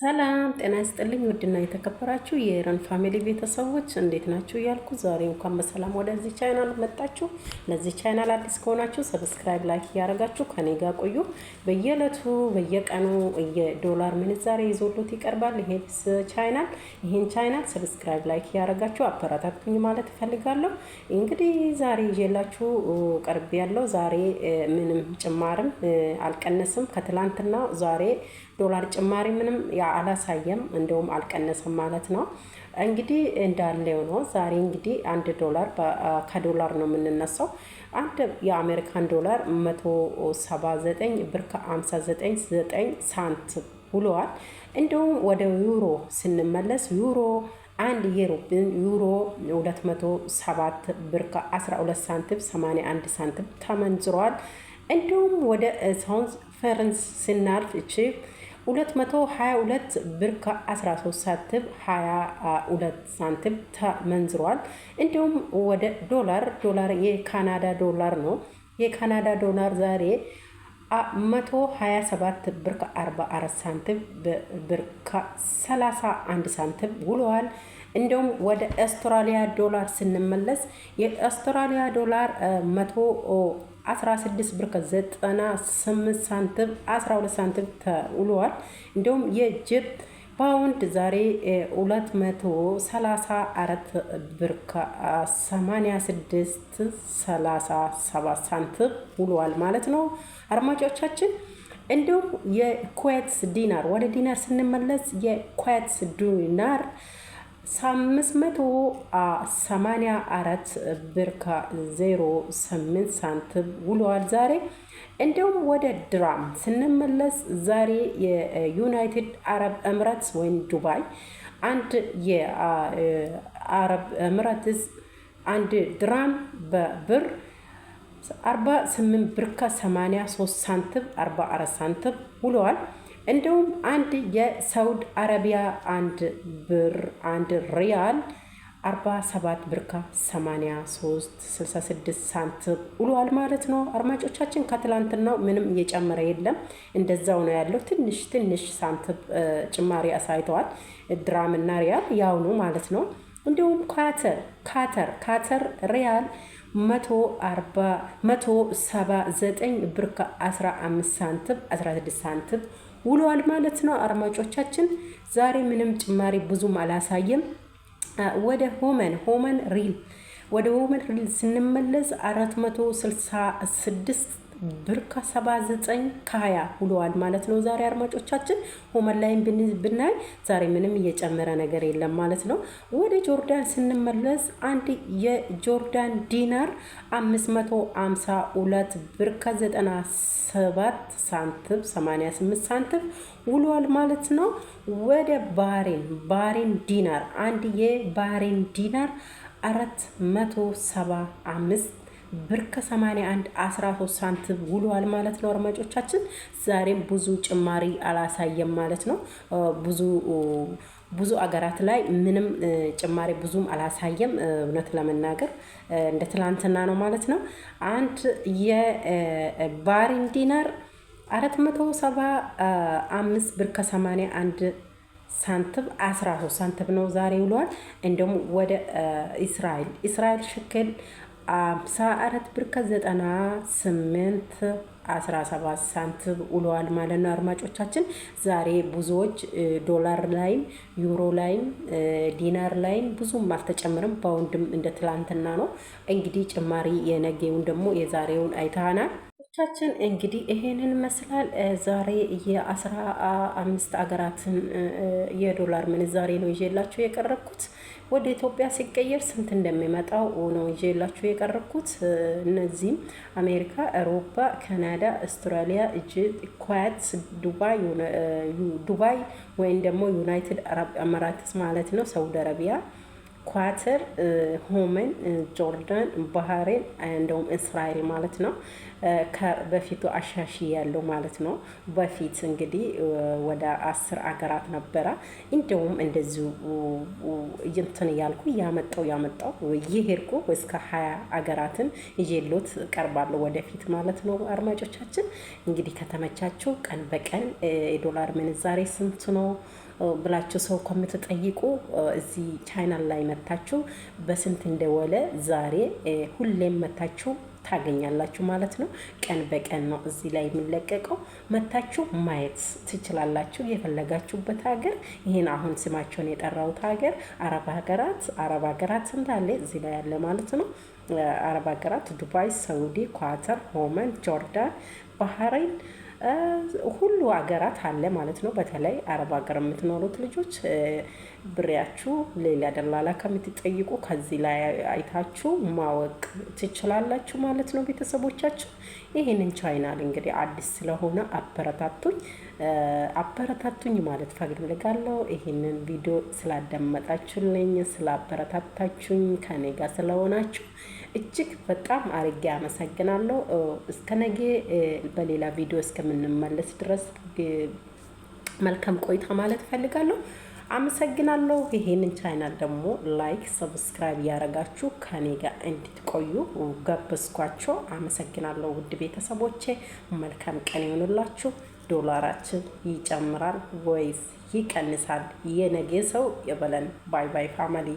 ሰላም ጤና ይስጥልኝ። ውድና የተከበራችሁ የኤረን ፋሚሊ ቤተሰቦች እንዴት ናችሁ? እያልኩ ዛሬ እንኳን በሰላም ወደዚህ ቻይናል መጣችሁ። ለዚህ ቻይናል አዲስ ከሆናችሁ ሰብስክራይብ፣ ላይክ እያደረጋችሁ ከኔ ጋር ቆዩ። በየዕለቱ በየቀኑ የዶላር ምንዛሬ ይዞሉት ይቀርባል ይሄ ቻይናል። ይህን ቻይናል ሰብስክራይብ፣ ላይክ እያደረጋችሁ አበረታቱኝ ማለት እፈልጋለሁ። እንግዲህ ዛሬ ይዤላችሁ ቀርብ ያለው ዛሬ ምንም ጭማሪም አልቀነስም ከትላንትና ዛሬ ዶላር ጭማሪ ምንም አላሳየም፣ እንደውም አልቀነሰም ማለት ነው። እንግዲህ እንዳለው ነው። ዛሬ እንግዲህ አንድ ዶላር ከዶላር ነው የምንነሳው። አንድ የአሜሪካን ዶላር 179 ብር ከ599 ሳንት ውለዋል። እንደውም ወደ ዩሮ ስንመለስ ዩሮ አንድ የሩብን ዩሮ 207 ብር ከ12 ሳንቲም 81 ሳንቲም ተመንዝሯል። እንዲሁም ወደ ሳውንስ ፈረንስ ስናልፍ እቺ 222 ብር ከ13 ሳንቲም 22 ሳንቲም ተመንዝሯል። እንዲሁም ወደ ዶላር ዶላር የካናዳ ዶላር ነው። የካናዳ ዶላር ዛሬ 127 ብር ከ44 ሳንቲም ብር ከ31 ሳንቲም ውለዋል። እንዲሁም ወደ አውስትራሊያ ዶላር ስንመለስ የአውስትራሊያ ዶላር 100 16 ብር ከ98 ሳንቲም 12 ሳንቲም ተውሏል። እንዲሁም የጅብ ፓውንድ ዛሬ 234 ብር ከ86 37 ሳንቲም ውሏል ማለት ነው አድማጮቻችን። እንዲሁም የኩዌትስ ዲናር ወደ ዲናር ስንመለስ የኩዌትስ ዲናር 584 ብር ከ08 ሳንቲም ውሏል ዛሬ። እንዲሁም ወደ ድራም ስንመለስ ዛሬ የዩናይትድ አረብ ኤምሬትስ ወይም ዱባይ አንድ የአረብ ኤምሬትስ አንድ ድራም በብር 48 ብር ከ83 ሳንቲም 44 ሳንቲም ውለዋል። እንደውም አንድ የሳውድ አረቢያ አንድ ብር አንድ ሪያል 47 ብር ከ83 66 ሳንቲም ውሏል ማለት ነው። አድማጮቻችን ከትላንትናው ምንም እየጨመረ የለም፣ እንደዛው ነው ያለው። ትንሽ ትንሽ ሳንቲም ጭማሪ አሳይተዋል። ድራም እና ሪያል ያው ነው ማለት ነው። እንዲሁም ካተር ካተር ካተር ሪያል 149 ብር ከ15 ሳንቲም 16 ሳንቲም ውለዋል ማለት ነው። አድማጮቻችን ዛሬ ምንም ጭማሪ ብዙም አላሳየም። ወደ ሆመን ሆመን ሪል ወደ ሆመን ሪል ስንመለስ 466 ብር ከ79 ከ20 ውለዋል ማለት ነው ዛሬ አድማጮቻችን። ሆመን ላይ ብናይ ዛሬ ምንም እየጨመረ ነገር የለም ማለት ነው። ወደ ጆርዳን ስንመለስ አንድ የጆርዳን ዲናር 552 ብር ከ97 ሳንቲም 88 ሳንቲም ውሏል ማለት ነው። ወደ ባህሬን ባህሬን ዲናር አንድ የባህሬን ዲናር 475 ብር ከ81 13 ሳንቲም ውሏል ማለት ነው። አድማጮቻችን ዛሬም ብዙ ጭማሪ አላሳየም ማለት ነው። ብዙ ብዙ አገራት ላይ ምንም ጭማሪ ብዙም አላሳየም። እውነት ለመናገር እንደ ትላንትና ነው ማለት ነው። አንድ የባሪን ዲናር 475 ብር ከ81 ሳንቲም 13 ሳንቲም ነው ዛሬ ውሏል። እንደውም ወደ እስራኤል እስራኤል ሽክል አምሳ አራት ብር ከዘጠና ስምንት አስራ ሰባት ሳንቲም ውለዋል ማለት ነው አድማጮቻችን። ዛሬ ብዙዎች ዶላር ላይም ዩሮ ላይም ዲናር ላይም ብዙም አልተጨምርም፣ በወንድም እንደ ትላንትና ነው። እንግዲህ ጭማሪ የነገውን ደግሞ የዛሬውን አይተሃናል። ቻችን እንግዲህ ይሄንን ይመስላል። ዛሬ የአስራ አምስት አገራትን የዶላር ምንዛሬ ነው ይዤላችሁ የቀረብኩት። ወደ ኢትዮጵያ ሲቀየር ስንት እንደሚመጣው ነው ይዤላችሁ የቀረብኩት። እነዚህም አሜሪካ፣ አውሮፓ፣ ካናዳ፣ አውስትራሊያ፣ ኢጅፕት፣ ኩዌት፣ ዱባይ ወይም ደግሞ ዩናይትድ አረብ አማራትስ ማለት ነው፣ ሳውዲ አረቢያ ኳተር፣ ሆመን፣ ጆርዳን፣ ባህሬን እንደውም እስራኤል ማለት ነው። በፊቱ አሻሺ ያለው ማለት ነው። በፊት እንግዲህ ወደ አስር አገራት ነበረ። እንደውም እንደዚሁ እንትን እያልኩ ያመጣው ያመጣው እየሄድኩ እስከ ሀያ አገራትን እየሎት ቀርባለሁ ወደፊት ማለት ነው። አድማጮቻችን እንግዲህ ከተመቻቸው ቀን በቀን የዶላር ምንዛሬ ስንት ነው ብላችሁ ሰው ከምትጠይቁ እዚህ ቻይናል ላይ መታችሁ በስንት እንደወለ ዛሬ ሁሌም መታችሁ ታገኛላችሁ ማለት ነው። ቀን በቀን ነው እዚህ ላይ የሚለቀቀው መታችሁ ማየት ትችላላችሁ። የፈለጋችሁበት ሀገር ይህን አሁን ስማቸውን የጠራሁት ሀገር አረብ ሀገራት አረብ ሀገራት እንዳለ እዚህ ላይ ያለ ማለት ነው። አረብ ሀገራት ዱባይ፣ ሳውዲ፣ ኳተር፣ ሆመን፣ ጆርዳን፣ ባህሬን ሁሉ ሀገራት አለ ማለት ነው። በተለይ አረብ ሀገር የምትኖሩት ልጆች ብሬያችሁ ሌላ ደላላ ከምትጠይቁ ከዚህ ላይ አይታችሁ ማወቅ ትችላላችሁ ማለት ነው ቤተሰቦቻችሁ ይህንን ቻይናል እንግዲህ አዲስ ስለሆነ አበረታቱኝ አበረታቱኝ ማለት ፈልጋለሁ። ይህንን ቪዲዮ ስላደመጣችሁልኝ፣ ስላበረታታችሁኝ ከኔ ጋር ስለሆናችሁ እጅግ በጣም አርጌ አመሰግናለሁ። እስከ ነገ በሌላ ቪዲዮ እስከምንመለስ ድረስ መልካም ቆይታ ማለት ፈልጋለሁ። አመሰግናለሁ። ይሄንን ቻናል ደግሞ ላይክ፣ ሰብስክራይብ እያደረጋችሁ ከኔ ጋር እንድትቆዩ ጋበዝኳቸው። አመሰግናለሁ ውድ ቤተሰቦቼ፣ መልካም ቀን ይሆኑላችሁ። ዶላራችን ይጨምራል ወይስ ይቀንሳል? የነገ ሰው የበለን። ባይ ባይ ፋሚሊ